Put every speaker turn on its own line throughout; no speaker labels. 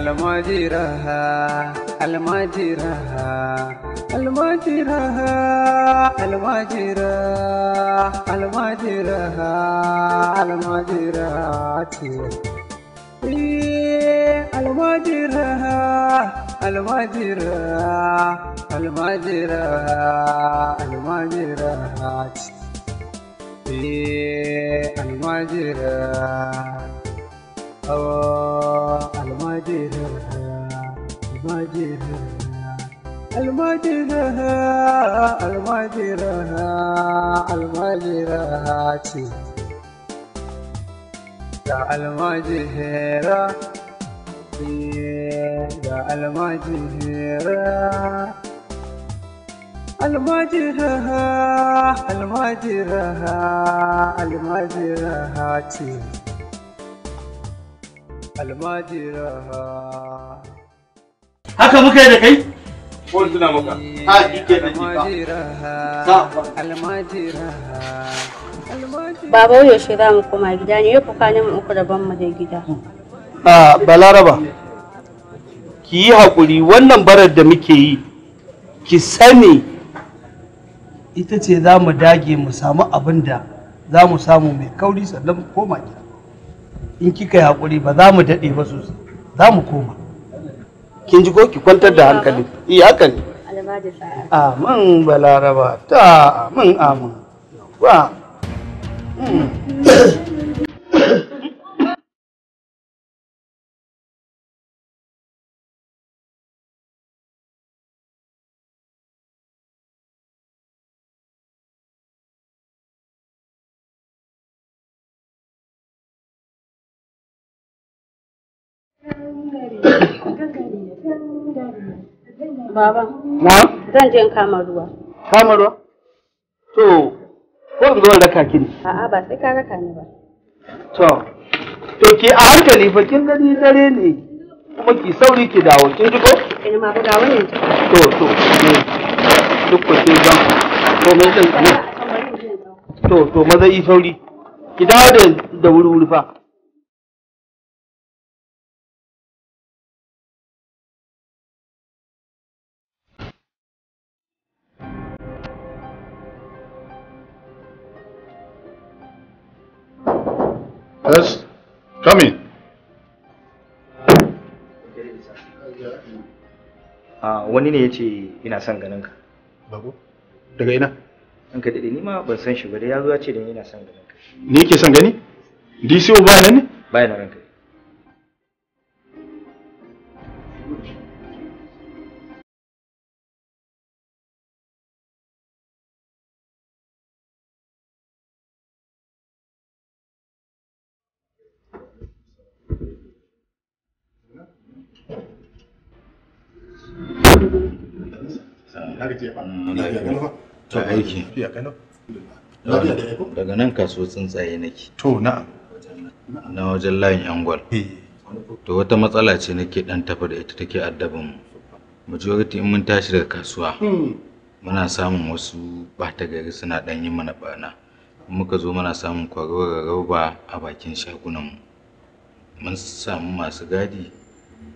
almajiraha almajiraha almajiraha almajiraha almajiraha almajiraha ce almajiraha almajiraha almajiraha almajiraha ce almajiraha المدينة المدينة المدينة المدينة المدينة يا المدينة يا المدينة المدينة المدينة المدينة almajiraha
haka muka yi da kai
wani suna muka eh, ha ike da jika almajiraha
Baba yaushe za mu koma gida ne yau kwanan mu uku daban mu da gida. Hmm.
A Balaraba, ki yi haƙuri wannan barar da muke yi, ki sani
ita ce za mu dage mu samu abin da za mu samu mai kauri sannan koma gida. in kika yi hakuri ba za mu daɗe ba sosai za mu koma kin ji ko ki kwantar da hankali eh haka ne amin balaraba ta amin amin ba Baba. Na? Zan je in kama ruwa. Kama ruwa? To, ko zuwa raka ki ne? A'a ba sai ka raka ni ba. To, to ki a hankali fa kin gani dare ne kuma ki sauri ki dawo kin ji ko? Ina ma buga wannan. To, to. Duk ko ke zan to me zan To, to maza yi sauri. Ki dawo da wuri wuri fa.
Yes, come in. Ah, wani ne ya ce
ina son ganin ka. Babu? Daga ina? An ka daɗe, ni ma ban san shi ba da ya zo ya ce da ina son ganin ka.
Ni yake son gani? DCO ba nan ne? Ba nan ranka. aiki daga nan kaso
tsuntsaye nake to na na wajen layin yangwal eh. to wata matsala ce nake dan ɗan da ita take addabin mu majority in mun tashi daga kasuwa hmm. muna samun wasu bata gari suna dan yin mana bana muka zo muna samun kwarewar rauba a bakin shagunan mu mun samu masu gadi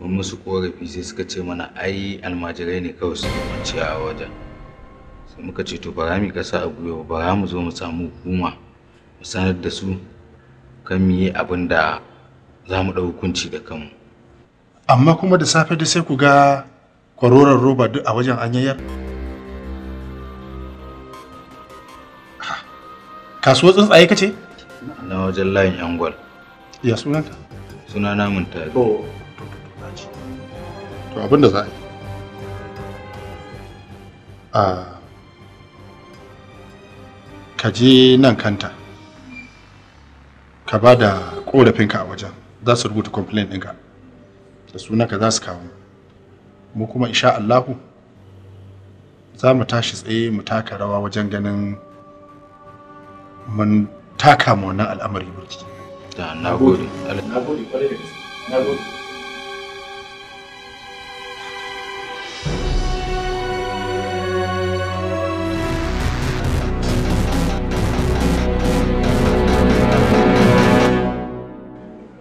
mun musu korafi sai suka ce mana ai almajirai ne kawai suke kwanciya a wajen muka ce to bara mi kasa a gwiwa ba mu zo mu samu hukuma mu sanar da su kan mu yi abin da za mu ɗau hukunci
da kanmu
amma kuma da safe da sai ku ga kwaroron roba duk a wajen an anyayar kasuwar tsuntsaye ka ce? na wajen layin yan gwal ya sunanta. suna namun tare to abin da za a yi ka je nan kanta ka ba da korafinka a wajen za su rubuta complaint ɗinka da sunanka za su kawo mu kuma insha Allahu za mu tashi tsaye mu taka rawa wajen ganin mun taka mu wannan al'amari burki. Da, Na gode, na gode.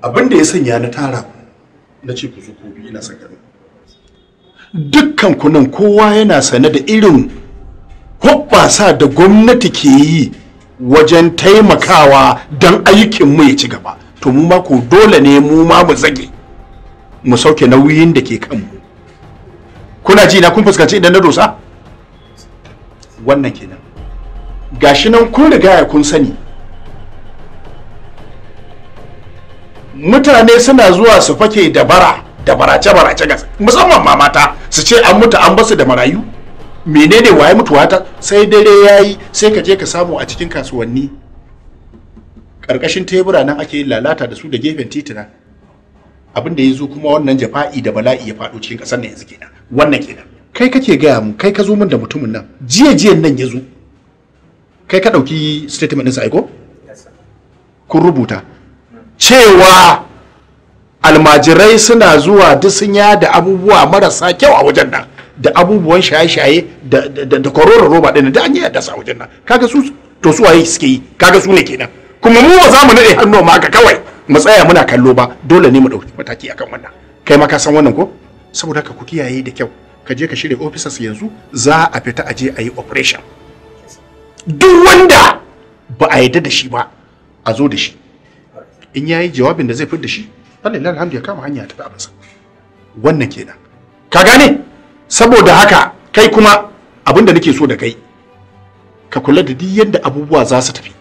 abin da ya sanya na tara na ce ku zo ku bi ina sakar dukkan ku nan kowa yana sane da irin sa da gwamnati ke yi wajen taimakawa don aikin mu ya ci gaba to mu ma ko dole ne mu ma mu zage mu sauke nauyin da ke kanmu kuna ji na kun fuskanci idan na dosa wannan kenan gashi nan kun riga kun sani mutane suna zuwa su fake da bara da barace barace gas musamman ma mata su ce an mutu an basu da marayu menene waye mutuwa ta sai dare yayi sai ka je ka samu a cikin kasuwanni karkashin tebura nan ake lalata da su da gefen titina abin da ya kuma wannan jafa'i da bala'i ya faɗo cikin ƙasar nan yanzu kenan wannan kenan kai kake gaya mu kai ka zo min da mutumin nan jiya jiya nan ya zo kai ka ɗauki statement ɗinsa aiko kun rubuta cewa almajirai suna zuwa duk da abubuwa marasa kyau a wajen nan da abubuwan shaye-shaye da kororon roba ɗin da an yi yadda a wajen nan kaga su to su waye suke yi kaga su ne kenan kuma mu ba za mu nade hannu ma ka kawai mu tsaya muna kallo ba dole ne mu ɗauki mataki akan wannan kai ma ka san wannan ko saboda ka ku kiyaye da kyau ka je ka shirya officers yanzu za a fita a je a yi operation duk wanda ba a yarda da shi ba a zo da shi in ya yi jawabin da zai da shi falilal alhamdu ya kama hanya ya tafi abinsa wannan kenan ka gane saboda haka kai kuma abin da nake so da kai ka kula da duk yadda abubuwa za su tafi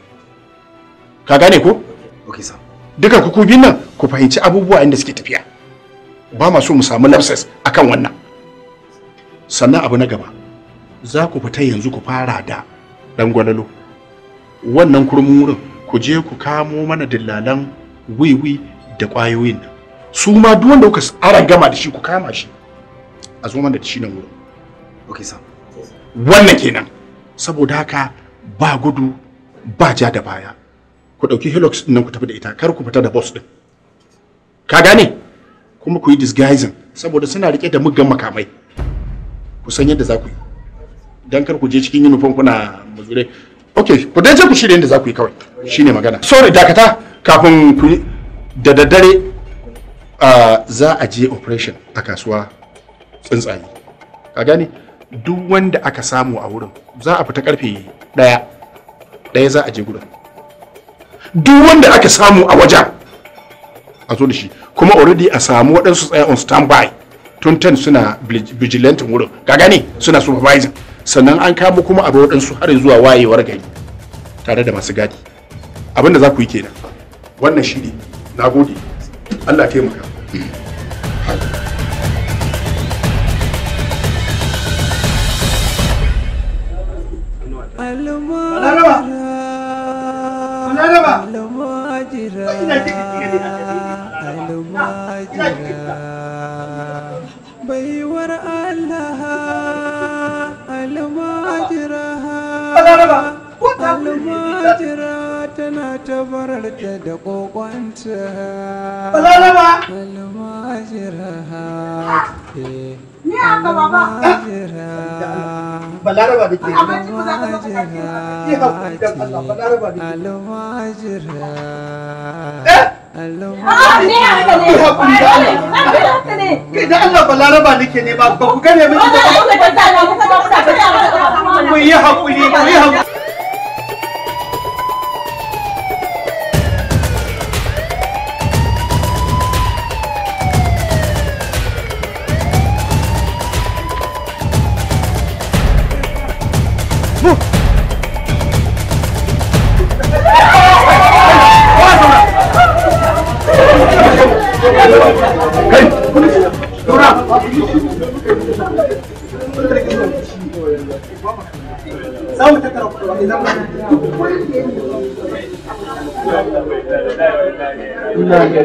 ka gane ko okay sir duka ku nan ku fahimci abubuwa inda suke tafiya ba ma so mu samu lapses akan wannan sannan abu na gaba za ku fita yanzu ku fara da dan gwalalo wannan kurmurin ku je ku kamo mana dillalan wiwi da ƙwayoyin nan su ma duk wanda kuka ara gama da shi ku kama shi a zo da shi nan wurin okay sir wannan kenan saboda haka ba gudu ba ja da baya ku ɗauki helix nan ku tafi da ita kar ku fita da boss din ka gane kuma ku yi disguising saboda suna rike da muggan makamai ku san yadda za ku yi dan kar ku je cikin uniform kuna muzure okay ku dai je ku shirye yadda za ku yi kawai shine magana sorry dakata kafin ku da daddare za a je operation a kasuwa tsuntsaye ka gane duk wanda aka samu a wurin za a fita karfe daya daya za a je gurin duk wanda aka samu a wajen a zo da shi kuma already a samu waɗansu tsaye on standby tun tun suna vigilant wurin ka gane suna supervising sannan an kamo kuma a waɗansu har zuwa wayewar gari tare da masu gadi abinda za ku yi kenan wannan shi ne na gode allah taimaka
baiwar Allah almajira almajira tana ta bararta da kokonta balaraba eh! ah, da
ke ne ba ku gane da ku yi hakuri ku yi hakuri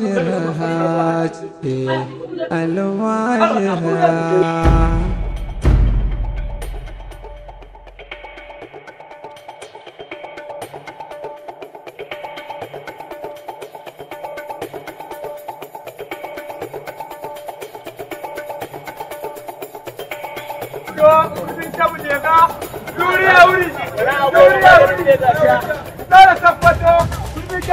الواجهات الواجهات Dole a wuri, dole a wuri, dole a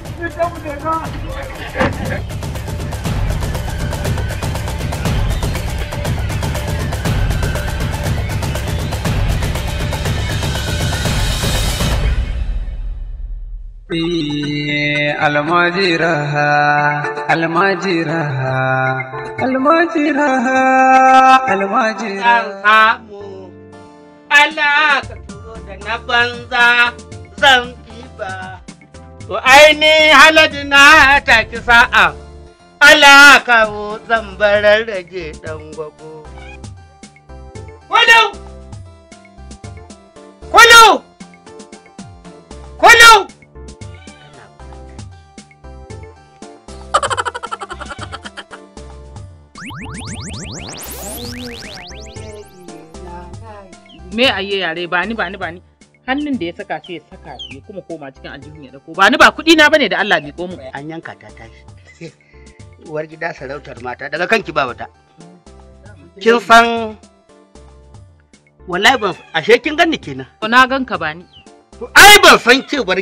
Almaji almaji raha, almajiraha almajiraha almajiraha almajiraha
Allah ka turo da na banza zan kiba. to aini haladi na ki sa'a Allah kawo zan barar rage dan gwago. Wadau! me a yi yare ba ni ba ni ba ni hannun da ya saka shi ya saka shi kuma koma cikin aljihun ya dako ba ni ba kuɗi na bane da Allah bi komo an yanka ta shi uwar gida sarautar mata daga kanki ba wata kin san wallahi ban ashe kin ganni kenan to na ganka ba ni ai ban san cewar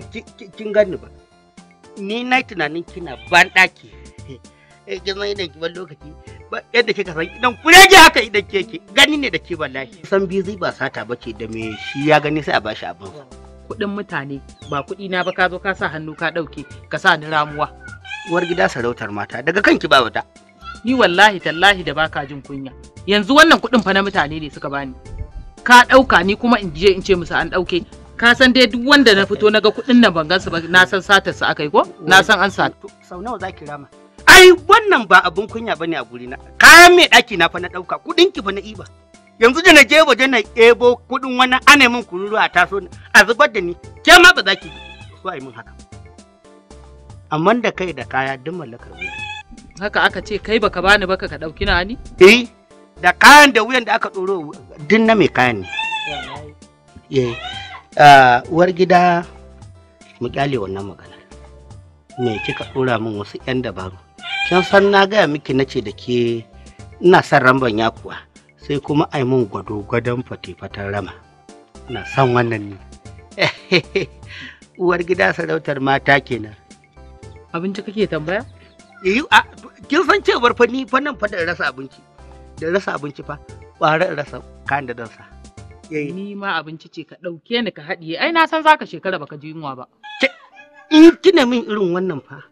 kin ganni ba ni na tunanin kina ban daki eh, kin idan ki ban lokaci yadda kika san idan kurege haka idan keke gani ne da ke wallahi san bizi ba sata bace da me shi ya gani sai a bashi abin kuɗin mutane ba kuɗi na ba ka zo ka sa hannu ka dauke ka sa ni ramuwa uwar gida sarautar mata daga kanki ba wata ni wallahi tallahi da baka jin kunya yanzu wannan kuɗin fa na mutane ne suka bani ka ɗauka ni kuma in je in ce musu an ɗauke ka san dai duk wanda na fito na ga kuɗin nan ban gansu ba na san satar su akai yi ko na san an sa. sau nawa zaki rama ai wannan ba abun kunya bane a guri na kayan mai daki na fa na dauka kudin ki fa na iba yanzu da na je waje na ebo kudin wani ana min kururu a taso a zubar da ni ke ma ba za ki so ai min haka amma da kai da kaya duk mallakar wuya haka aka ce kai baka bani baka ka dauki na ni eh da kayan da wuyan da aka doro duk na mai kayan ne eh uwar gida mu kyale wannan magana me kika dora min wasu yan dabaru kin san na gaya miki na ce da ke ina son ramban yakuwa sai kuma ai mun gwado gwadon fatifatan rama ina son wannan ne uwar gida sarautar mata kenan abinci kake tambaya kin san cewar fa ni fa nan fa da rasa abinci da rasa abinci fa ƙwara rasa kan da dansa eh. ni ma abinci ce ka ɗauke ni ka haɗiye ai na san zaka shekara baka ji yunwa ba in kina min irin wannan fa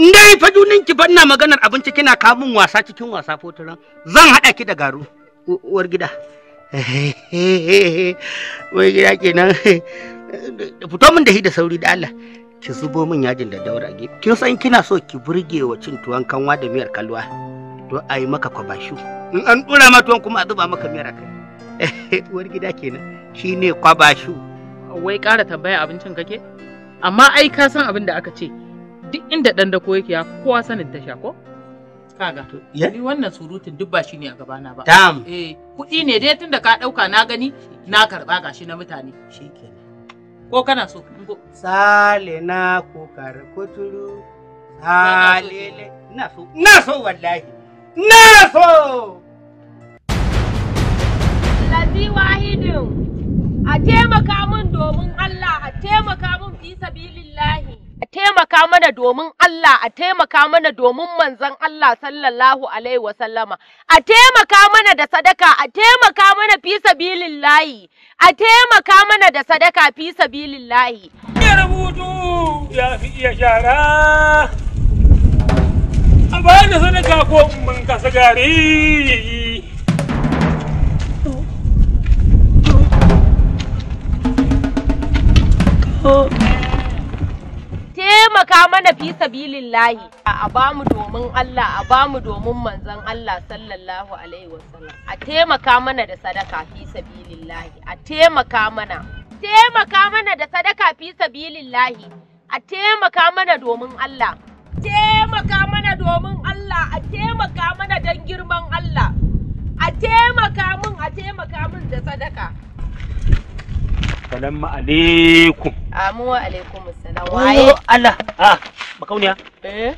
yi fa junin ki banna maganar abinci kina kamun wasa cikin wasa foturan zan haɗa ki da garu uwar gida Wai gida kenan fito min da shi da sauri da Allah ki zubo min yajin da daura ge kin san kina so ki burge wa cin tuwon kanwa da miyar kalwa to a yi maka kwabashu in an ɗura ma tuwon kuma a zuba maka miyar a kai. uwar gida kenan ne kwabashu wai ƙara tambaya abincin kake amma ai ka san abin da aka ce duk inda ɗan dako yake ya kowa sanin tasha ko? Kaga, ni wannan surutun duk ba shi ne a gabana ba. Tam! Eh, kuɗi ne dai tunda ka ɗauka na gani na karɓa gashi na mutane. Shi Ko kana so? Sale na kokar kuturu, halele, na so, na so wallahi, na so! Lazi Wahidu. a taimaka min domin Allah, a taimaka min fi sabilillahi. taimaka mana domin Allah a taimaka mana domin manzon Allah sallallahu alaihi sallama a taimaka mana da sadaka a taimaka mana fi sabilin layi, a taimaka mana da sadaka fi layi. ya
rubutu ya fi iya shara a sadaka ko mun kasa gari
Oh. taimaka mana fi lahi a bamu domin Allah a bamu domin manzon Allah sallallahu alaihi wasallam a taimaka mana da sadaka fi lahi a taimaka mana taimaka mana da sadaka fi lahi a taimaka mana domin Allah taimaka mana domin Allah a taimaka mana don girman Allah a taimaka min a taimaka min da sadaka
Assalamu alaikum.
Amu wa alaikum assalam. Waye?
Allah. Ah, makauniya. Eh.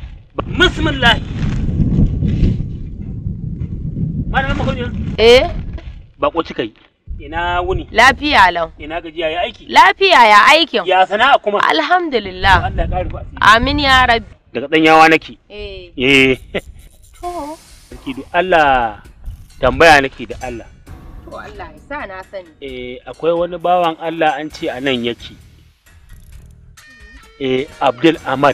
Bismillah. Malam makauniya. Eh. Bako cikai. Ina wuni? Lafiya lau. Ina gajiya ya aiki? Lafiya
ya aikin. Ya sana'a kuma? Alhamdulillah. Allah ya rufa Amin ya rabbi.
Daga danyawa nake. Eh. Eh. To. Sarki Allah tambaya nake da Allah.
To Allah ya sa na sani.
Eh akwai wani bawan Allah an ce a nan yake. Eh Abdul Ahmad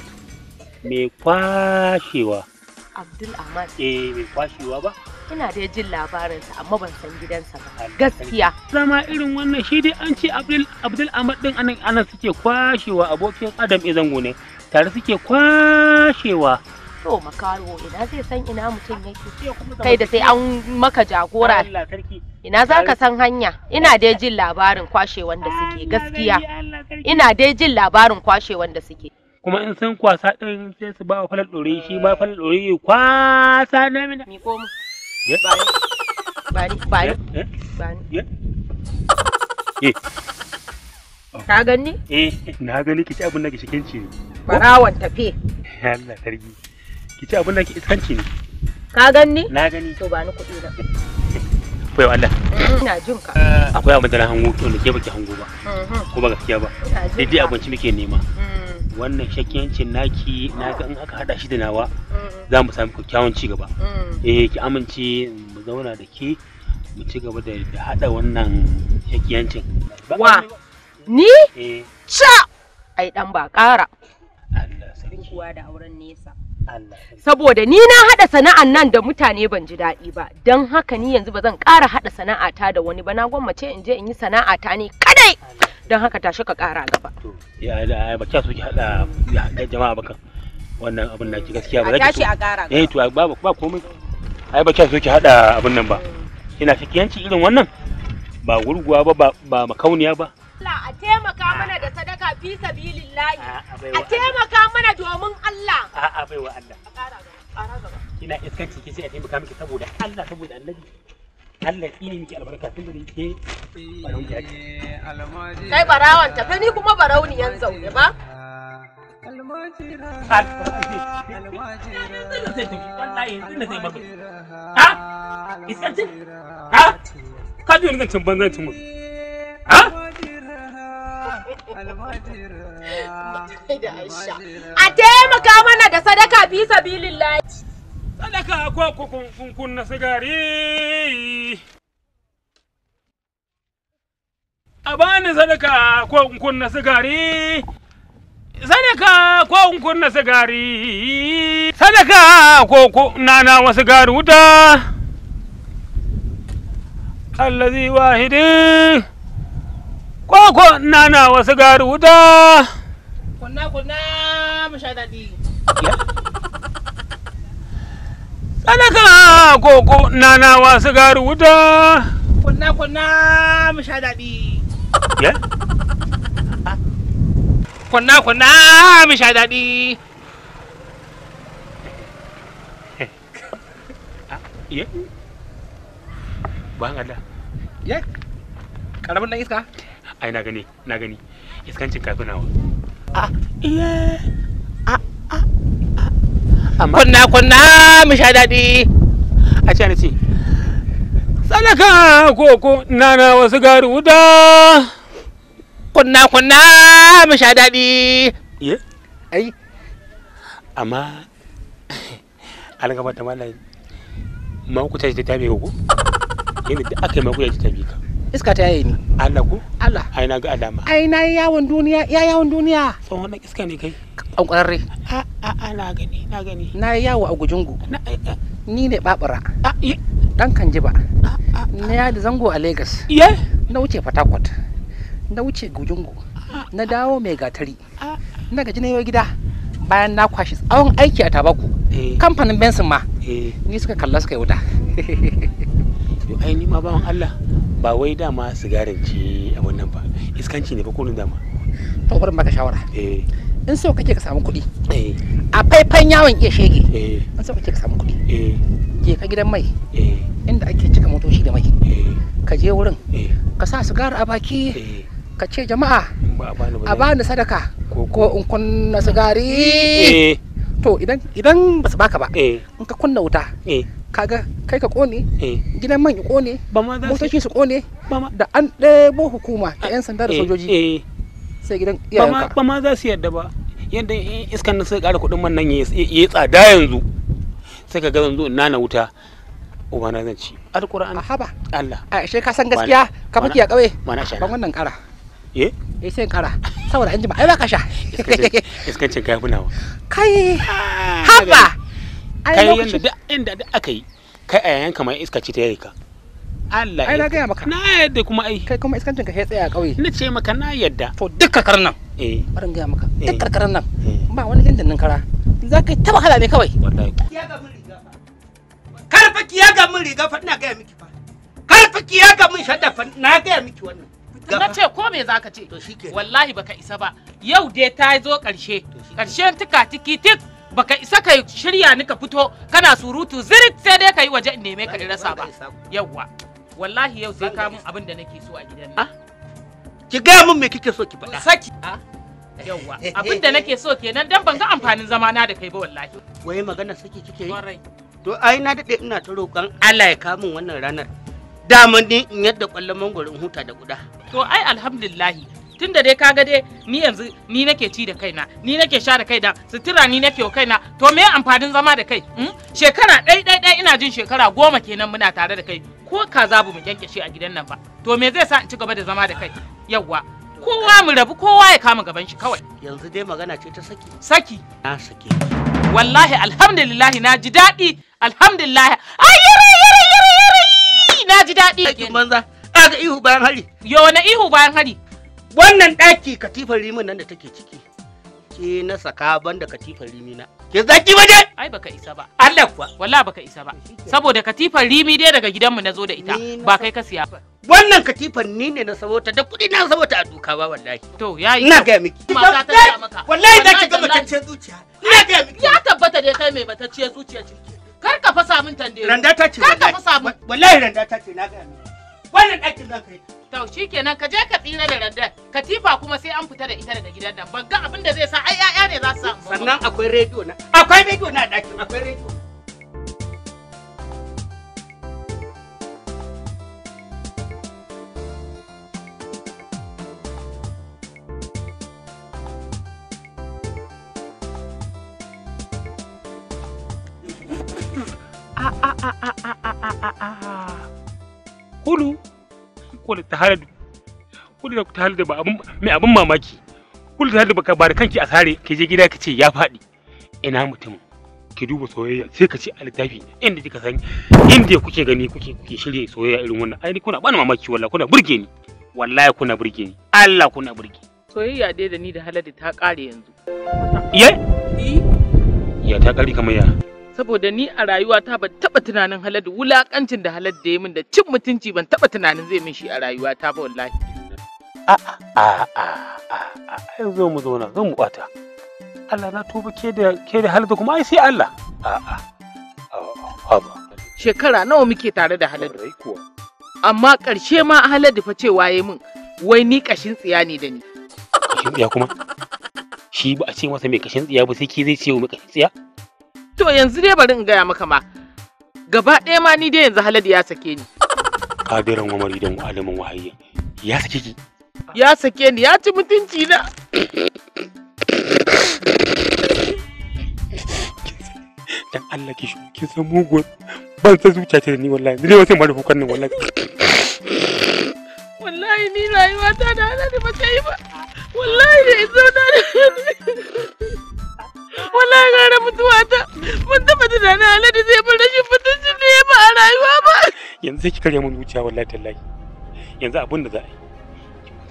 mai kwashewa.
Abdul Ahmad. Eh mai kwashewa ba? Ina da jin labarinsa amma ban san gidansa ba.
Gaskiya. Zama irin wannan shi dai an ce Abdul Abdul Ahmad din anan anan suke kwashewa abokin Adam Izango ne. Tare suke kwashewa.
To makaro ina zai san ina mutum yake. Kai da sai an
maka jagora.
Allah sarki. ina za ka san hanya ina dai jin labarin kwashe wanda suke gaskiya ina dai jin labarin kwashe wanda suke
kuma in san kwasa ɗin sai su ba wa falal ɗore shi ba falal ɗore yi kwasa na mina mi ko mu
bani bani bani oh. ka gani
eh na gani ki ci abin da gishikin ce oh. barawan tafe Allah sarki ci abin da ki iskanci ne
ka gani na gani to ba ni kuɗi ba. baiwa Allah ina jin ka
akwai abin da na hango to ne ke baki hango ba mhm. ko ba gaskiya ba sai dai abinci muke nema mm. wannan shakkiyancin naki na ga in aka hada shi da nawa mm. za mu samu kyakkyawan ci gaba mm. eh ki amince mu zauna da ke mu ci gaba da hada wannan shakkiyancin
wa ni eh. cha ai dan ba kara Allah sarki kuwa da auren nesa saboda ni na haɗa sana'an nan da mutane ban ji daɗi ba don haka ni yanzu ba zan ƙara haɗa sana'ata da wani ba na gwammace in je in yi sana'ata ne kadai don haka tashi ka ƙara gaba
ya ba kya so ki haɗa jama'a ba kan wannan abin naki gaskiya ba za ki a eh to ba ba komai ai ba kya so ki haɗa abin nan ba kina shakiyanci irin wannan ba gurguwa ba ba makauniya ba
Allah a taimaka ah. mana da sadaka fi sabilillahi ah, a taimaka mana domin Allah
a'a ah, baiwa Allah kina a taimaka miki saboda Allah saboda annabi Allah tsini miki albarka tun da ke kai barawan
tafi ni kuma barauni yan zaune ba almajira
almajira zai tafi wallahi yanzu na zai maka ha iskancin ha a taimaka mana da sadaka sabilin sabilillahi sadaka ko kun na sigari a bani sadaka ko kunna sigari sadaka ko kunna sigari sadaka ko kunna na wasu garuta allazi wahidin Koko nana wasu gari wuta.
Kunna kunna musha daɗi.
Ya? Sadaka koko nana wasu gari wuta.
Kunna kunna musha daɗi. Ya? Kunna kunna musha daɗi.
ya? Bang ada. Ya. Karamin na kah? ai na gani na gani iskancin kafin nawa
a iya a a kunna kunna mu sha daɗi a ce ce
tsanaka koko nana wasu gari wuta kunna kunna mu sha daɗi ye ai amma an gaba da malam ma ku ta ta tabe ku yadda aka yi ma ku ta tabe ka
iska ta yayi ni
Allah ku Allah ai na ga alama
ai na yawon duniya ya yawon duniya
wannan iska ne kai kankwararre a a na gani na gani na yawo a
gujungu eh, eh. ni ne babura dan ba na da zango a Lagos na wuce Fatakwat na wuce gujungu na dawo mai gatari na gaji na yau gida bayan na kwashi tsawon aiki a tabaku
eh. kamfanin bensin ma ni suka kalla suka yi wuta to ai ni ma bawan Allah ba wai dama sigarin ce a wannan ba iskanci ne ba nan dama to bari maka shawara eh in so kake ka samu kuɗi eh a faifan yawon iya
shege eh in so kake ka samu kuɗi eh je ka gidan mai eh inda ake cika motoci da mai eh ka je wurin eh ka sa sigara a baki eh ka ce jama'a a bani sadaka ko in kunna sigari eh. to idan idan ba su baka ba eh. in ka kunna wuta eh. kaga kai ka kone eh. gidan man ya kone motoci su kone da an ɗebo hukuma da 'yan sanda da eh, sojoji
eh. sai gidan iyayenka ba ma za su yadda ba yadda iskan na sai kara kuɗin man nan ya tsada yanzu sai ka ga yanzu na na wuta ubana na ci alƙur'ani haba
Allah a she ka san gaskiya ka fake a ƙauye ba wannan kara ye eh sai kara saboda an jima ai ba ka sha
iskancin kai funawa ah, kai haba
kai yanda duk
inda duk aka yi kai a yayan kamar iska ce ta yayi ka Allah ai na gaya maka na yadda kuma ai kai kuma iskancin ka sai tsaya a ƙauye na ce maka na yadda to duk
karkarar nan eh barin gaya maka duk eh. karkarar nan eh. ba wani dandanin kara za ka yi ta wahala ne
kawai wallahi ya ga mun riga karfa ki ya ga mun riga fa ina gaya miki fa karfa ki ya ga mun shadda fa na gaya miki wannan na ce ko me za ka ce wallahi baka isa ba yau dai ta zo ƙarshe ƙarshen tuka tiki tik baka isa ka shirya ni ka fito kana surutu zirit sai dai ka yi waje in neme ka rasa ba yawwa wallahi yau sai ka mun abin da nake so a gidan nan ki gaya mun me kike so ki faɗa saki
yawwa abin da nake so kenan dan ban ga amfanin zama na da kai ba wallahi
waye magana saki kike yi to ai na dade ina ta roƙon Allah ya kawo min wannan ranar da ni in yadda kwallon mangoro in huta da guda to ai alhamdulillah tunda dai kaga dai ni yanzu ni nake ci da kaina ni nake sha da kaina sutura ni nake wa kaina to me
amfanin zama da kai hmm? shekara ɗai ɗai ɗai ina jin shekara goma kenan muna tare da kai ko ka
za mu kyankyashe a gidan nan ba to me zai sa in ci gaba da zama da kai yawwa kowa mu rabu kowa ya kama gaban shi kawai yanzu dai magana ce ta saki saki na saki wallahi alhamdulillah na ji daɗi alhamdulillah ai yare yare yare yare na ji daɗi banza ga ihu bayan hari yo wani ihu bayan hari wannan ɗaki katifar rimin nan da take ciki ke na saka banda katifar rimi na ke zaki waje
ai baka isa ba
Allah kuwa wallahi baka isa ba saboda katifar rimi dai daga gidanmu na zo da ita ba kai ka siya ba wannan katifar ni ne na sabota da kuɗi na sabota a duka ba wallahi to yayi ina ga miki mata ta ga maka wallahi zaki ga ce zuciya ina ga miki ya tabbata dai kai mai matacciyar zuciya ce kar ka fasa min tande randa ta ce kar ka fasa min wallahi randa ta ce na ga miki wannan ɗakin za kai. yi to shikenan ka je ka tsira da radda katifa kuma sai an fita da ita daga gidan nan ban ga abin da zai sa ai ƴaƴa ne za su samu sannan akwai rediyo na akwai rediyo na ɗakin akwai rediyo
Ah, ah, ah, ah, ah, ah, ah. ah, ah. kulu kulu ta haladu kulu ta haladu ba abun mai abun mamaki kulu ta haladu ba ba da kanki a sare ke je gida kace ya faɗi ina mutum ki duba soyayya sai ka ce a littafi inda kika san inda kuke gani kuke kuke shirye soyayya irin wannan ai kuna bani mamaki wallahi kuna burge ni wallahi kuna burge ni Allah kuna burge
soyayya dai da ni da haladu ta kare yanzu
ya ta kare kamar ya
saboda ni a rayuwata ban taba tunanin halar da wulakancin da halar da ya min da cin mutunci ban taba tunanin zai min shi a rayuwata ba wallahi a
a a a
a zo mu zauna zan mu bata Allah na tuba ke da ke da halar kuma ai sai Allah a a a shekara nawa muke tare da halar
amma ƙarshe ma halar da fa ce waye min wai ni kashin tsiya ne da ni
kashin tsiya kuma shi ba a ce masa mai kashin tsiya ba sai ke zai ce wa mai kashin tsiya
To yanzu dai bari in gaya maka ma. Gaba ɗaya ma ni dai yanzu Haladu ya sake ni.
Kadiran Umar idan alimin wahayi Ya sake ki?
Ya sake ni ya ci mutunci na.
Dan Allah ki shi ki san mugun. Ban san zuciya ta ni wallahi. Ni dai wasu mara hukan nan wallahi.
Wallahi ni rayuwa ta da Haladu ba ta yi ba. Wallahi da izo da. Wala gara mutuwa ta
mun taba tunanin Alhaji zai bar rashin mutuncin da ya ba a rayuwa ba.
Yanzu sai ki karya mun zuciya wallahi tallahi. Yanzu abin da za a yi.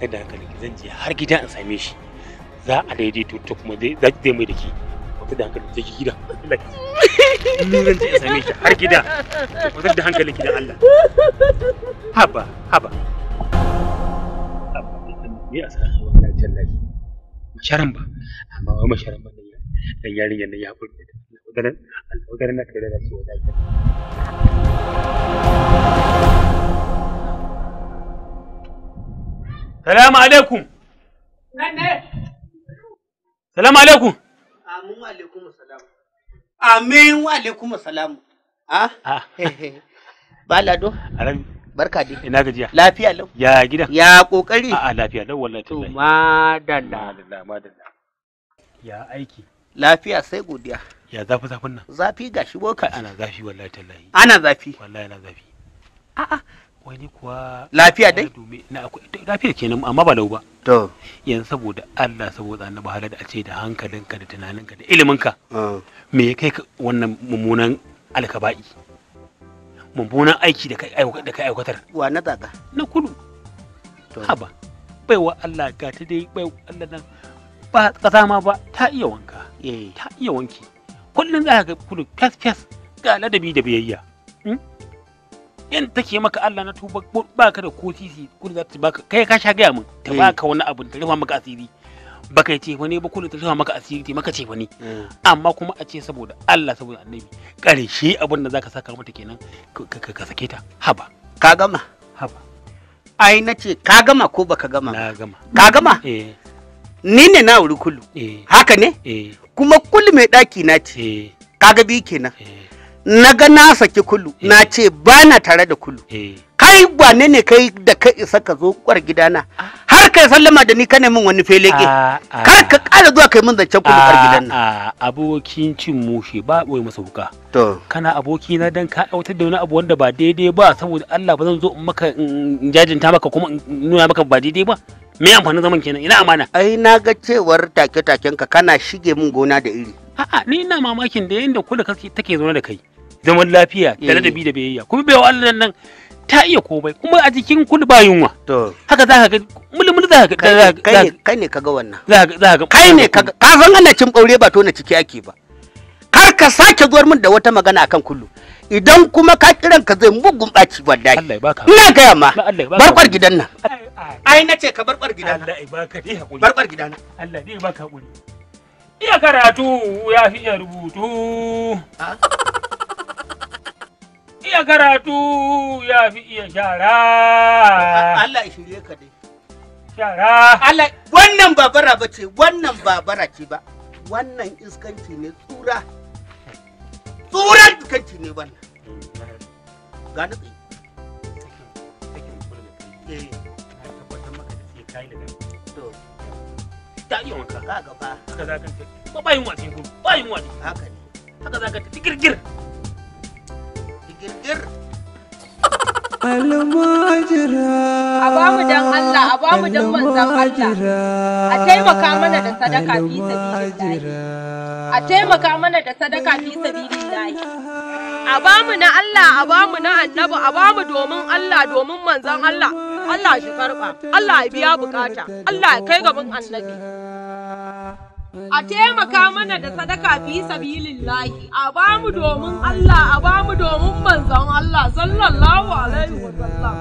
Ki da hankali zan je har gida in same shi. Za a daidaito ta kuma zai zai mai da ki. Fitar da hankali ki gida. Ni zan je in same shi har gida.
ko fitar da hankali ki da Allah.
Haba haba. Ni a wallahi tallahi. Masharan ba. Amma wai masharan ba ne. dan yarinyar nan ya burge ta na kai da wadatar Salamu alaikum. Salamu alaikum.
Amin wa alaikum salamu. Amin wa alaikum salamu. Ah? Ah.
ba lado Barka dai. Ina gajiya. Lafiya lau. Ya gida. Ya kokari. A'a lafiya lau wallahi To madalla. Madalla madalla. Ya aiki. lafiya sai godiya ya zafi zafin nan zafi ga shi boka ana zafi wallahi tallahi ana zafi wallahi ana zafi a'a wani kuwa lafiya dai lafiya kenan amma ba lau ba to yanzu saboda Allah saboda annabi halar da a ce da hankalinka da tunaninka da iliminka ah. me ya kai wannan mummunan alkaba'i mummunan aiki da kai aikatar wa na zaga na kudu haba baiwa Allah ga ta dai baiwa Allah nan ba ƙasa ma ba ta iya wanka eh ta iya wanki kullum za ka ga kudu fes fes ga ladabi da biyayya in hmm? take maka Allah na tuba ba ka da ko sisi kudu za ta baka kai ka sha gaya min ta eh. baka wani abu ta rufa maka asiri ba kai ce wani ba kudu ta rufa maka asiri ta maka ce wani eh. amma kuma a ce saboda Allah saboda annabi karshe abin da zaka saka mata kenan ka sake ta haba ka gama haba ai ce ka gama ko baka gama na gama ka gama eh
ni ne na wuri kullu eh. haka ne eh. kuma kullu mai ɗaki na ce eh. kaga bi kenan na ga na saki kullu na ce ba na tare da kullu kai ba ne kai da ka isa ka zo kwar gidana ah. har kai sallama da ni ka min wani feleke ah,
ah. kar ka ƙara zuwa kai min zancen kullu kwar gidan nan abokin cin mushe ba boye masa to kana aboki na dan ka aiwatar da wani abu wanda ba daidai ba saboda Allah ba zan zo in maka in jajinta maka kuma in nuna maka ba daidai ba me amfanin zaman kenan ina amana ai na ga cewar take-taken ka kana shige min gona da iri a'a ni ina mamakin da yanda kula kake take zaune da kai zaman lafiya da eh. ladabi da biyayya kuma bai Allah nan ta iya komai kuma a jikin kudu ba yunwa to haka zaka ga mulmul zaka ga kai ne kaga
wannan zaka zaka ga kai ne kaga ka san cin baure ba to na ciki ake ba kar ka sake zuwar min da wata magana akan kullu idan kuma ka kiran ka zai mugun baci wallahi ina
gaya ma barkwar gidan nan ai na ce ka barkwar gidan nan Allah ya baka dai hakuri barbar gidan nan Allah ya baka hakuri iya karatu ya fi iya rubutu iya karatu ya fi iya shara Allah ya shirye ka dai shara Allah wannan
babara ba ce wannan babara ce ba wannan iskanci ne tsura tsuran kanci ne wannan ga na tsaye sakin kula da kai eh na tabbatar maka da sai kai da to
ta yi wanka ga gaba haka za ka tafi ba bayin wani bayin wani haka ne haka za ka tafi girgir
girgir almajira a ba mu dan Allah a ba mu dan manzan Allah a taimaka mana da sadaka fi
sabilillahi a taimaka mana da sadaka fi sabilillahi a ba mu na Allah a ba mu na annabi a ba mu domin Allah domin manzan Allah Allah shi karba Allah ya biya bukata Allah ya kai gaban annabi a taimaka mana da sadaka fi sabilillahi a ba mu domin Allah a ba mu domin manzon Allah sallallahu alaihi wasallam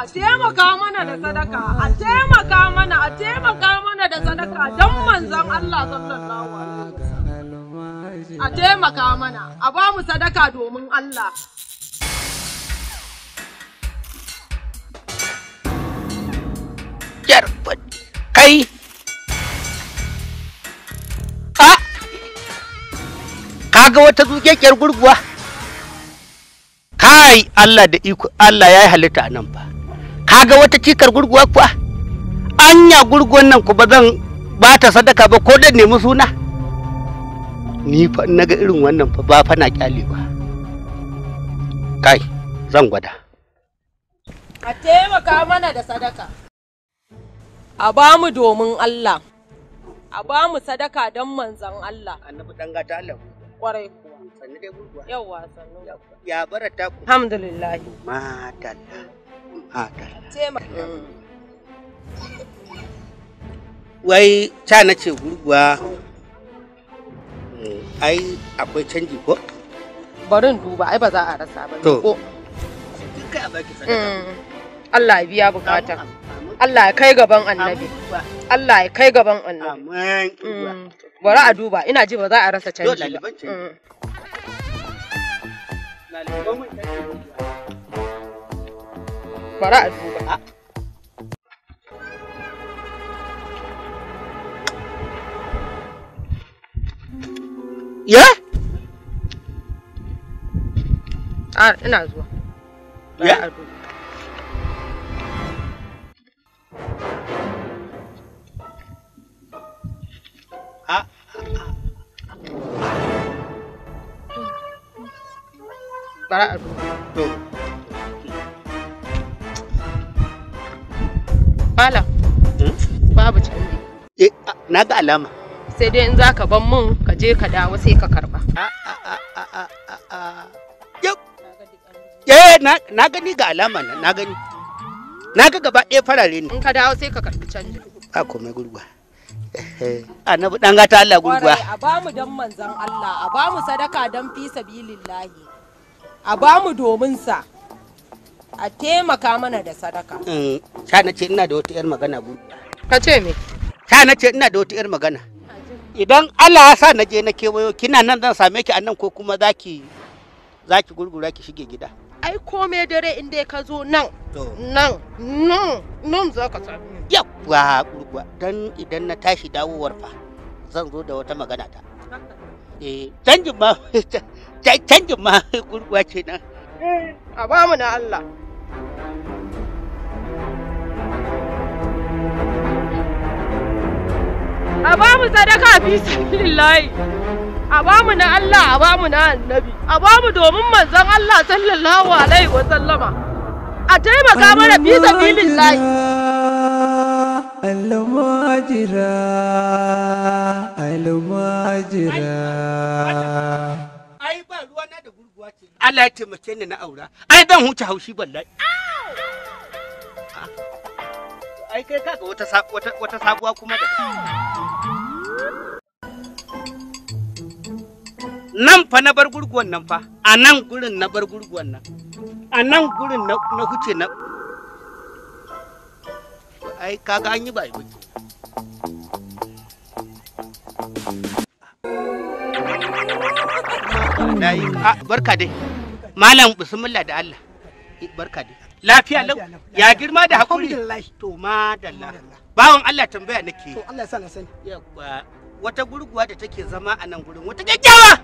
a taimaka mana da sadaka a taimaka mana a taimaka mana da sadaka don manzon Allah sallallahu alaihi sallam. a taimaka mana a ba mu sadaka domin Allah Yarbat, kai kaga wata zuƙeƙiyar gurguwa kai Allah da iko Allah ya yi halitta a nan fa kaga wata cikar gurguwa kuwa anya gurguwan nan ku ba zan ba ta sadaka ba ko da nemi suna ni fa naga irin wannan fa ba fa na kyale ba kai zan gwada a taimaka mana da sadaka a ba mu domin Allah a ba mu sadaka don manzon Allah annabi dan gata Allah Kwarai kuwa. Sannu dai gurguwa. Yawwa sannu. Ya bara ta ku. Alhamdulillah. Mm. Wai ta na ce gurguwa eh, ai akwai canji ko? Barin duba ai ba za a rasa ba. To. Duka mm. Allah ya biya Allah ya kai gaban annabi Allah ya kai gaban annabi mm. bari a duba ina ji ba za a rasa canji ba mm. bari a duba Ya? ina zuwa. Ya? ƙara'ar to Bala. Hmm? Babu canji. Eh, na ga alama. Sai dai in za ka ban mun ka je ka dawo sai ka karba. Eh, na gani ga alama na, gani. Na ga gaba ɗaya farare ne. In ka dawo sai ka karbi canji. A komai gurguwa. Eh, annabi dan gata Allah gurguwa. A bamu dan manzon Allah, a bamu sadaka dan fi sabilillahi. a ba mu domin sa a taimaka mana da sadaka Ka mm, na ce ina da wata yar magana bu ka ce me ta na ce ina da wata yar magana idan Allah ya sa na je na kewayo kina nan zan same ki annan ko kuma zaki zaki gurgura ki shige gida ai komai dare in dai ka zo nan nan nan nan za ka same yawa gurgura dan idan na tashi dawowar fa zan zo da wata magana ta eh canjin ma canjin ma gurguwa ce nan. Eh, a ba mu na Allah. A ba mu sadaka fi sabilillahi. A ba mu na Allah, a ba mu na annabi. A ba mu domin manzon Allah sallallahu alaihi wa sallama. A taimaka mana fi sabilillahi.
Almajira, almajira.
Allah ya taimake ni na aura ai dan huce haushi wallahi ai kai kaga wata wata wata sabuwa kuma da nan fa na bar gurguwan nan fa a nan gurin na bar gurguwan nan a nan gurin na huce na ai kaga an yi bai wuce barka dai malam bismillah da Allah eh, barka dai lafiya lau ya girma da hakuri to madalla bawon Allah tambaya nake to Allah ya sani wata gurguwa da take zama a nan gurin wata gaggawa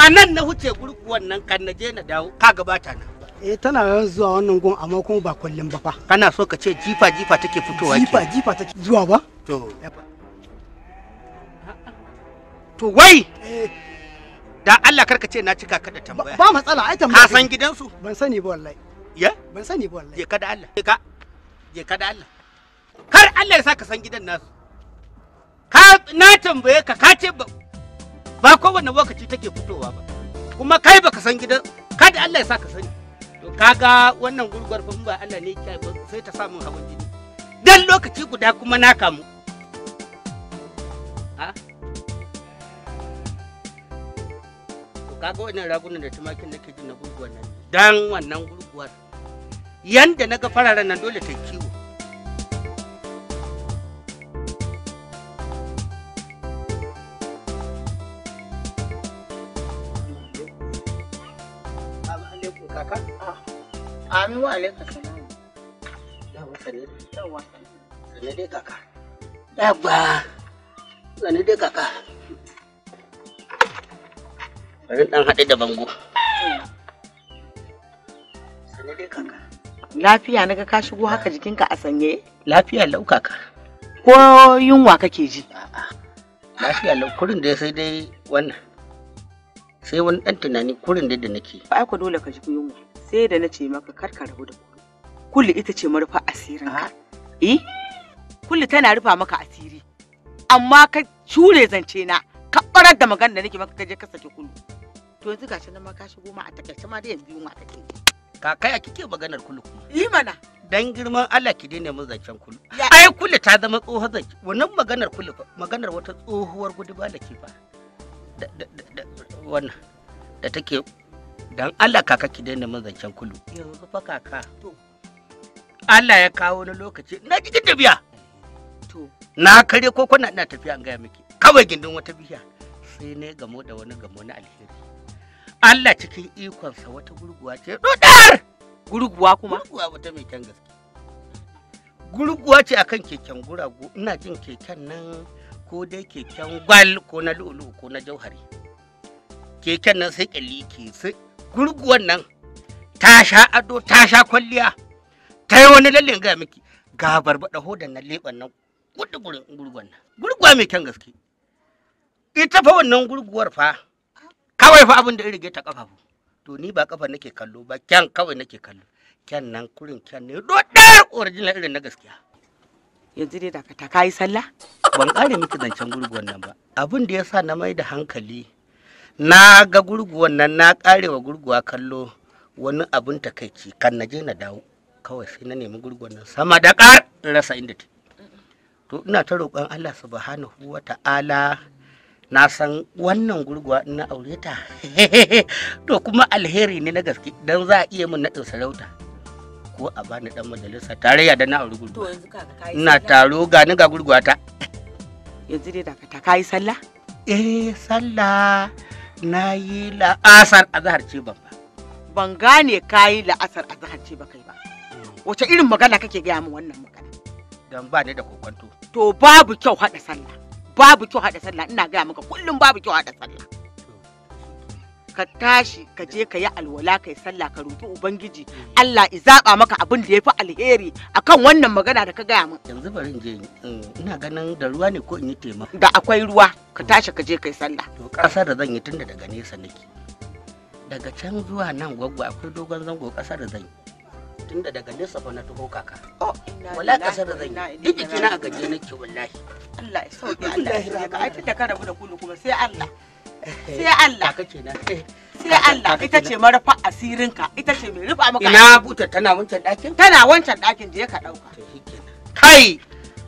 a nan na huce gurguwan nan kan naje na dawo ka gabata na eh tana yawan zuwa wannan gun amma kuma ba kullum ba fa kana so ka ce jifa jifa take fitowa jifa jifa take zuwa ba to to wai eh, da Allah karka ce na cika kada tambaya ba matsala ai tambaya ka san gidansu ban sani ba wallahi ya ban sani ba wallahi je ka da Allah je ka je ka Allah kar Allah ya saka san gidan nasu ka na tambaye ka ka ce ba kowane lokaci take fitowa ba kuma kai baka san gidan kada Allah ya saka sani to kaga wannan gurgwar ban ba Allah ne ya ba sai ta samu hawan jini dan lokaci guda kuma na kamu Ha? Ah? kaga wannan ragunan da tumakin nake jin na gurguwar nan dan wannan gurguwar yanda naga fararen nan dole ta kiwo ah, Amin wa alaika salam. Yawa sane dai. Yawa sane dai kaka. Yagba. Sane dai kaka. bari dan haɗu da bango lafiya na ga ka shigo haka jikinka a sanye lafiya lau kaka ko yunwa kake ji lafiya lau kurin da sai dai wannan sai wani dan tunani kurin da nake ai ku dole ka shigo yunwa sai da na ce maka kar ka rabu da kulli ita ce marufa asirin ka eh kulli tana rufa maka asiri amma ka cure zance na kabbarar da magana da nake maka kaje ka saki kullu to yanzu gashi nan ma ka shigo ma a takaice ma da yanzu yunwa ka kai a kike maganar kullu yi mana dan girman Allah ki daina mun zancen kullu ai kullu ta zama tsohuwar zance wannan maganar kullu maganar wata tsohuwar guduba da ke fa wannan da take dan Allah kaka ki daina mun zancen kullu yanzu fa kaka Allah ya kawo ni lokaci na ji tafiya to na kare ko kuna ina tafiya an gaya miki kawai gindin wata biya sai ne gamo da wani gamo na alheri Allah cikin ikonsa wata gurguwa ce dodar gurguwa kuma gurguwa wata mai kyan gaske gurguwa ce akan keken guragu ina jin keken nan ko dai keken gwal ko na lulu ko na jauhari keken nan sai kalli ke sai gurguwan nan ta sha ado ta sha kwalliya ta yi wani lallin ga miki ga barbaɗa hodan na leɓen nan gudu gurguwan nan gurguwa mai kyan gaske ita fa wannan gurguwar fa kawai fa abin da ya rige ta kafa fa to ni ba kafa nake kallo ba kyan kawai nake kallo kyan nan kurin kyan ne dodar original irin na gaskiya yanzu dai daga ta kai sallah ban kare miki zancen gurguwar nan ba abin da yasa na mai da hankali na ga gurguwar nan na karewa wa gurguwa kallo wani abin takaici kan na je na dawo kawai sai na nemi gurguwar nan sama da kar rasa inda ta to ina ta roƙon Allah subhanahu wa ta'ala na san wannan gurguwa na aure ta to kuma alheri ne na gaske don za a iya mun naɗin sarauta ko a bani dan majalisa tarayya da na aure gurguwa na taro ga ni ga gurguwa ta yanzu dai daga ta kayi sallah eh sallah na yi la'asar azhar ce ban ba ban gane kayi la'asar azhar ce ba kai ba wace irin magana kake gaya min wannan magana dan ba ni da kokonto to babu kyau hada sallah babu kyau haɗa sallah ina gaya maka kullum babu kyau haɗa sallah ka tashi ka je ka yi alwala ka yi sallah ka roki ubangiji Allah i zaba maka abin da ya fi alheri akan wannan magana da ka gaya min yanzu bari in je eh, ina ganin da ruwa ne ko in yi tema da akwai ruwa ka tashi ka je ka yi sallah to ƙasa da zan yi tunda daga nesa nake daga can zuwa nan gwaggwa akwai dogon zango ƙasa da zan yi tunda daga nesa ba na taho kaka oh, wala kasar da zan yi duk jikina a gaje nake wallahi Allah ya sauke Allah ya ka ai tunda ka rabu da kullu kuma sai Allah eh, sai Allah kaka kenan eh, sai Allah ita ce marafa asirinka ita ce mai rufa maka ina buta tana wancan ɗakin tana wancan ɗakin je ka ɗauka kai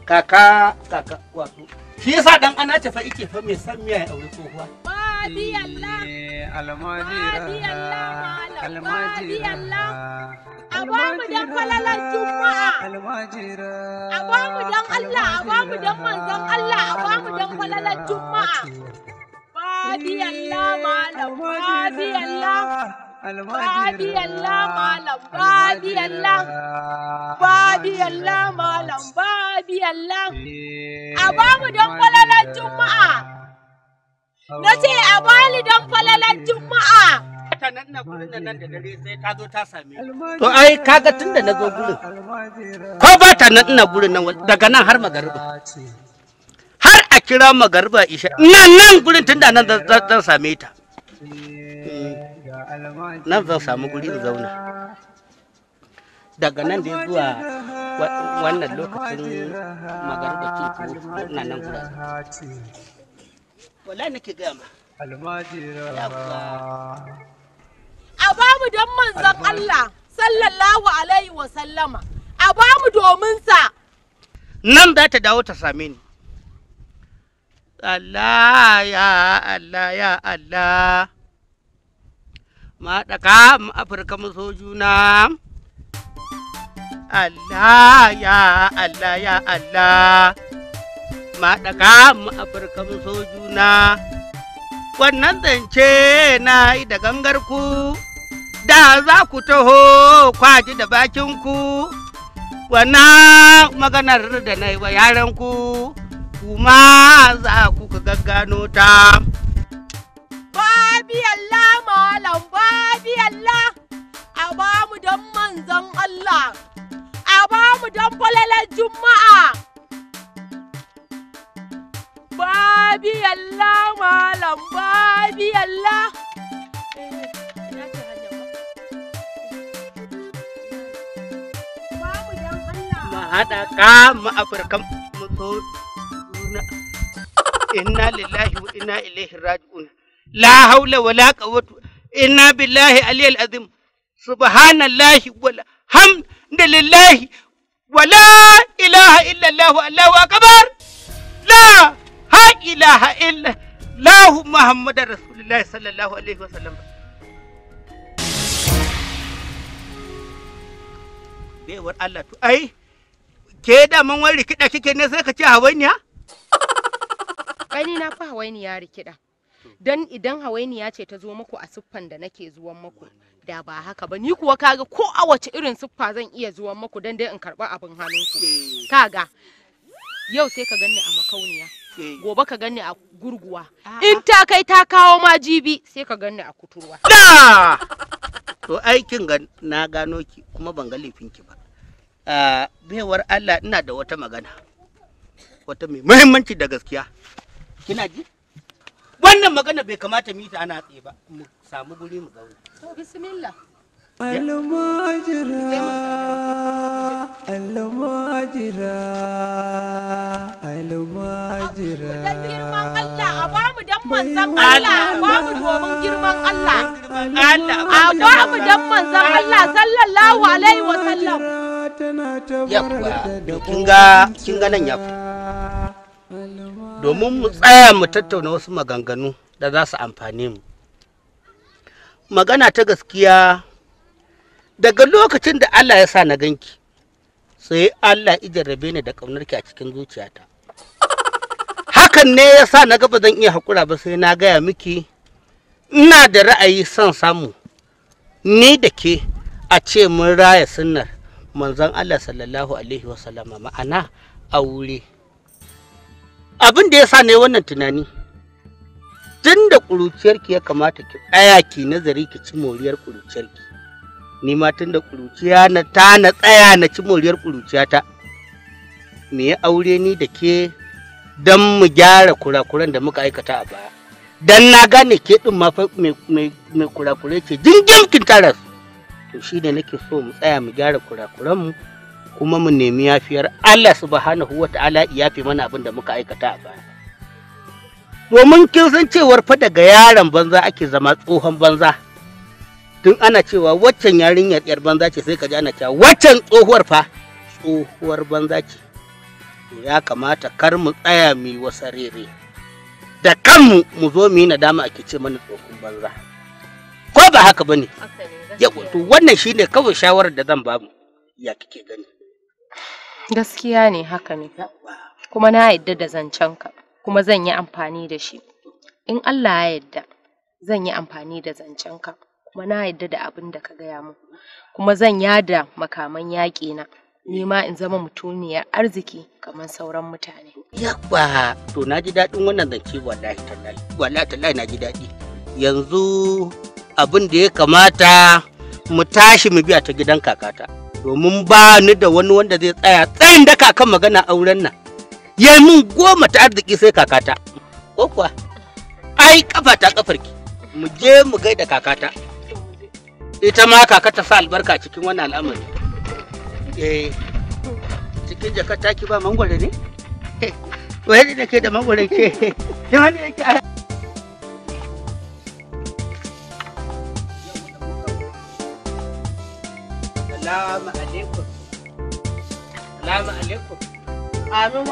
kaka kaka wato shi yasa dan ana tafa ike fa mai san miya ya aure tsohuwa Wadi eh, Allah
Wadi Allah Wadi Allah a ba mu dan falalar
juma'a a ba mu dan Allah a ba mu dan manzon Allah a ba mu dan falalar juma'a Wadi eh, Allah malam Wadi Allah
Babi Allah
malam, babi malam, eh, A na ce a bali don falalan juma'a ta nan na da nan da dare sai ta zo ta same to ai kaga tunda na zo gurin ko ba ta nan ina gurin nan daga nan har magariba har a kira magariba isha nan nan gurin tunda nan zan same ta nan zan samu guri in zauna daga nan da ya zuwa wannan lokacin magariba ke ko nan gurin wallahi nake gaya ma almajira a bamu mu don manzon Allah sallallahu alaihi wa sallama a bamu domin sa nan za ta dawo ta same ni Allah ya Allah ya Allah maɗaka mu afirka mu so juna Allah ya Allah ya Allah maɗaka mu afirka juna wannan zance na yi da gangar ku da za ku taho kwaji da bakin ku wannan maganar da na yi wa yaran ku kuma za ku ka gaggano ta babiyalla malam babiyalla a ba mu don manzon Allah a ba mu don falalar juma'a
babi Allah malam babi Allah
haɗa ka ma'afarkan mutu inna lillahi wa inna ilaihi raji'un la haula wala quwwata inna billahi aliyil azim subhanallahi wal hamdulillahi wala ilaha illallah allahu akbar la ilaha illa lahu muhammadar rasulullahi sallallahu alaihi wasallam baiwar Allah to ai ke da man wani rikida kike ne sai ka ce hawainiya kai ni na fa hawainiya rikida dan idan hawainiya ce ta zo muku a siffan da nake zuwan muku da ba haka ba ni kuwa kaga ko a wace irin siffa zan iya zuwan muku dan dai in karba abin hannunku kaga yau sai ka ganni a makauniya gobe ka ganni a gurguwa in ta kai ta kawo ma jibi sai ka ganni a kuturwa da to aikin ga na gano ki kuma ban ga laifin ki ba baiwar Allah ina da wata magana wata mai muhimmanci da gaskiya kina ji wannan magana bai kamata mu yi ta ana tsaye ba mu samu guri mu zauna
to bismillah
almajira
almajira almajira
dan Allah a ba mu dan san Allah a ba mu domin girman Allah a ba mu dan san Allah sallallahu alaihi wa sallam yabba kin ga kin ga nan yabba domin mu tsaya mu tattauna wasu maganganu da za su amfane mu magana ta gaskiya daga lokacin da Allah ya sa na ganki sai Allah ya jarrabe ni da ƙaunarki a cikin zuciyata hakan ne ya sa na gaba zan iya haƙura ba sai na gaya miki ina da ra'ayi son samu ni da ke a ce mun raya sunnar manzon Allah sallallahu alaihi wasallama ma'ana wuri abin da ya sa ne wannan tunani tun da ƙuruciyarki ya kamata ki ɗaya ki nazari ki ci moriyar ƙuruciyarki ni ma tun da ƙuruciya na ta na tsaya na ci moriyar ƙuruciya ta me ya aure ni da ke don mu gyara kurakuran da muka aikata a baya don na gane ke ɗin ma mai kurakurai ke jingin kintaras to shi ne nake so mu tsaya mu gyara kurakuranmu kuma mu nemi yafiyar Allah subhanahu wa ta'ala fi mana abin da muka aikata a baya domin kin san cewar fa daga yaron banza ake zama tsohon banza tun ana cewa waccan yarinyar yar banza ce sai ka ji ana cewa waccan tsohuwar fa tsohuwar banza ce ya kamata kar mu tsaya mu yi wasa rere da kanmu mu zo mu yi nadama ake ce mana tsohon banza ko ba haka ba ne to wannan shine kawai shawarar da zan bamu ya kike gani gaskiya ne haka ne kuma na yadda da zancen ka kuma zan yi amfani da shi in Allah ya yadda zan yi amfani da zancen ka kuma na yarda da abin da ka gaya mu kuma zan yada makaman yaƙi na ni ma in zama mutuniyar arziki kamar sauran mutane yabba to na ji daɗin wannan zance wallahi tallahi wallahi tallahi na ji daɗi yanzu abin da ya kamata mu tashi mu biya ta gidan kakata domin ba ni da wani wanda zai tsaya tsayin daka kan magana auren nan ya min goma ta arziki sai kakata ko kuwa ai kafa ta kafarki mu je mu gaida kakata ita ma kaka ta sa albarka cikin wannan al'amari eh cikin jakata ki ba mangwaro ne wai ne ke da mangwaro ke da wani yake Salamu alaikum. Salamu alaikum. Amin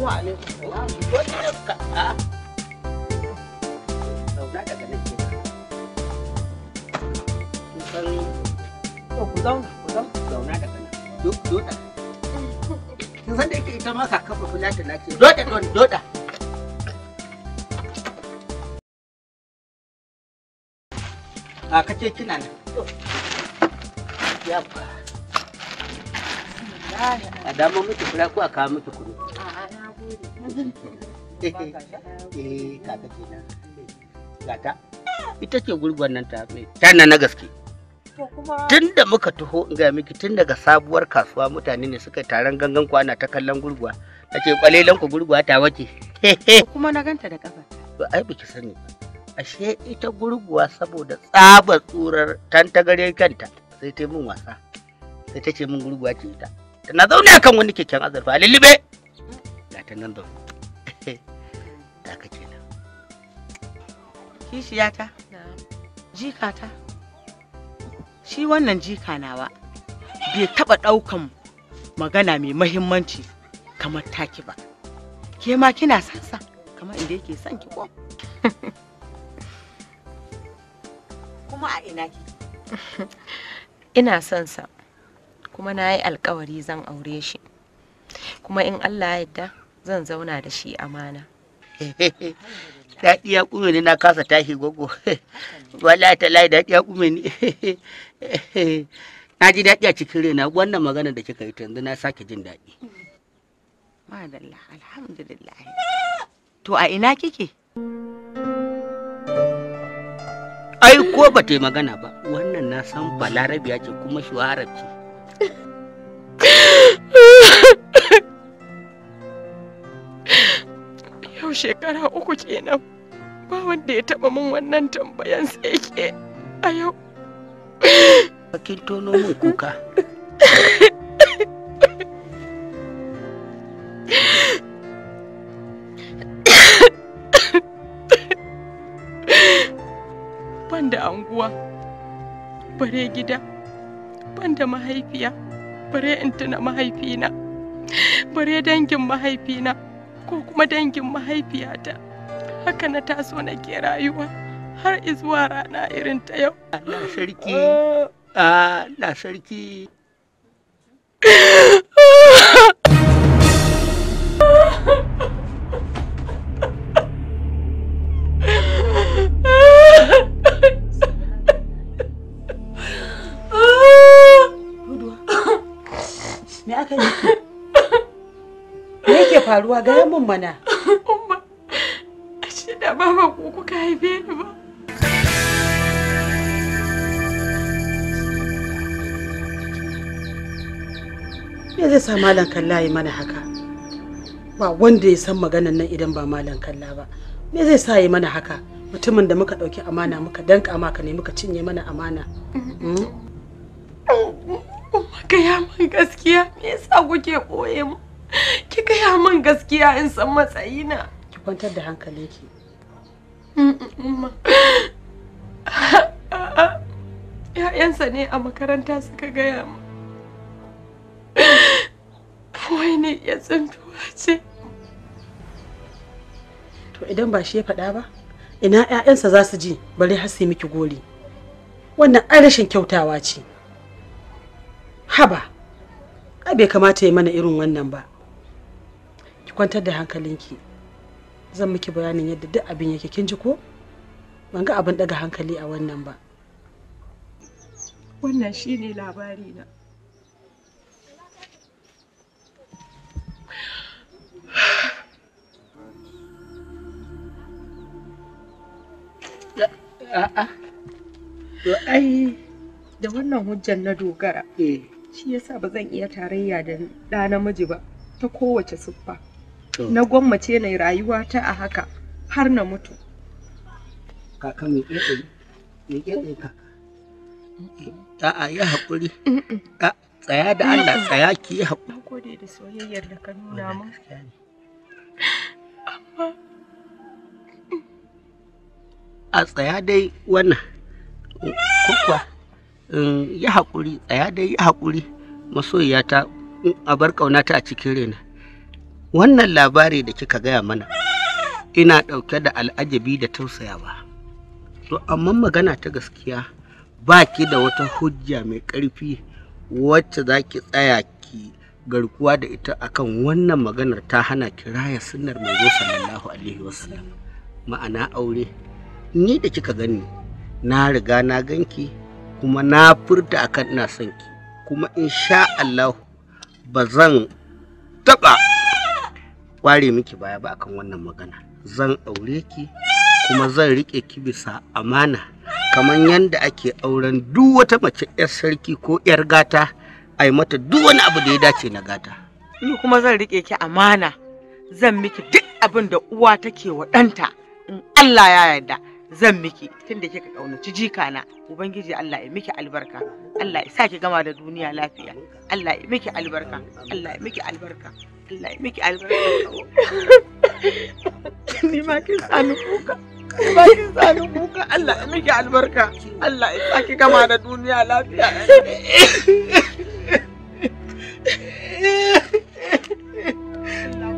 wa alaikum. san to ku zauna da kana kin san da yake ita ma kafa fulata na ke doda don doda a kace kina nan yabba a dama miki fura ko a kawo miki kuɗi ita ce nan ta tana na gaske tun da muka taho ga miki tun daga sabuwar kasuwa mutane ne suka taron gangan kwana ta kallon gurguwa na ce kwalelan ku gurguwa ta wace kuma na ganta da kafa to ai biki sani ashe ita gurguwa saboda tsaba tsurar tantagare kanta sai ta min wasa sai ta ce min gurguwa ce ita tana zaune akan wani keken azurfa a ga ta nan zaune da kake nan kishiyata jikata shi wannan jika nawa bai taba daukan magana mai mahimmanci kamar taki ba ke ma kina sansa kamar inda yake son ki ko kuma a ina ki ina son sa kuma na yi alkawari zan aure shi kuma in Allah ya yarda zan zauna da shi amana daɗi ya kume ni na kasa tashi gogo ta lai daɗi ya kume ni na ji daɗi a cikin rena wannan magana da kika yi yanzu na sake jin daɗi madalla alhamdulillah to a ina kike ai ko ba ta yi magana ba wannan na san balarabiya ce kuma ce. yau shekara uku
kenan ba wanda ya taɓa min wannan tambayan sai ke a yau
kin tono mun kuka
ban da anguwa bare gida ban da mahaifiya bare in tuna mahaifina bare dangin mahaifina ko kuma dangin mahaifiyata haka na taso na ke rayuwa har izuwa rana irin ta yau Allah sarki
ah. Ah, Allah sarki faruwa gaya min mana umma shi da ba kuka haife ni ba me zai sa malam kalla yi mana haka ba wanda ya san maganan nan idan ba malam kalla ba me zai sa yi mana haka mutumin da muka ɗauki amana muka danka maka ne muka cinye mana amana hmm?
gaya min gaskiya me yasa kuke koye mu ki gaya min gaskiya in san matsayina
ki kwantar da hankali ki
‘ya'yansa ne a makaranta suka gaya mu wai ne ya tsintuwa ce to idan ba
shi ya faɗa ba ina ‘ya'yansa za su ji bari har su miki gori wannan ai rashin kyautawa ce haba ai bai kamata ya mana irin wannan ba kwantar da hankalinki zan miki bayanin yadda duk abin yake kin ji ko ban ga abin daga hankali a wannan ba
wannan ne labari na
a'a to ai da wannan hujjar na dogara eh. shi yasa ba zan iya tarayya da ɗa namiji ba ta kowace siffa na gwammace na rayuwa ta a haka har na mutu kaka mai ƙeƙe mai ƙeƙe kaka a'a yi haƙuri tsaya da Allah tsaya ki yi haƙuri na gode
da soyayyar da ka nuna min amma mm.
a tsaya dai wannan kuka mm, yi haƙuri tsaya dai yi haƙuri masoyiyata mm, a bar ta a cikin rena wannan labari da kika gaya mana ina ɗauke da al'ajabi da tausayawa to amma magana ta gaskiya ba ki da wata hujja mai karfi wacce za ki tsaya ki garkuwa da ita akan wannan maganar ta hana ki raya sunnar manzo sallallahu alaihi wasallam ma'ana aure ni da kika gani na riga na ganki kuma na furta akan ina son ki kuma insha Allah ba zan taɓa kware miki baya ba akan wannan magana zan aure ki kuma zan rike ki bisa amana kamar yadda ake auren duk wata mace 'yar sarki ko 'yar gata a yi mata duk wani abu da ya dace na gata ni kuma zan rike ki amana zan miki duk abin da uwa take wa ɗanta in Allah ya yarda zan miki tun tunda kika kaunaci jika na ubangiji Allah ya miki albarka Allah ya saki gama da duniya lafiya Allah ya miki albarka Allah ya miki albarka Allah ya miki albarka ni ma kin sanu kuka ni ma kin sanu kuka Allah ya miki albarka Allah ya saki gama da duniya lafiya Allah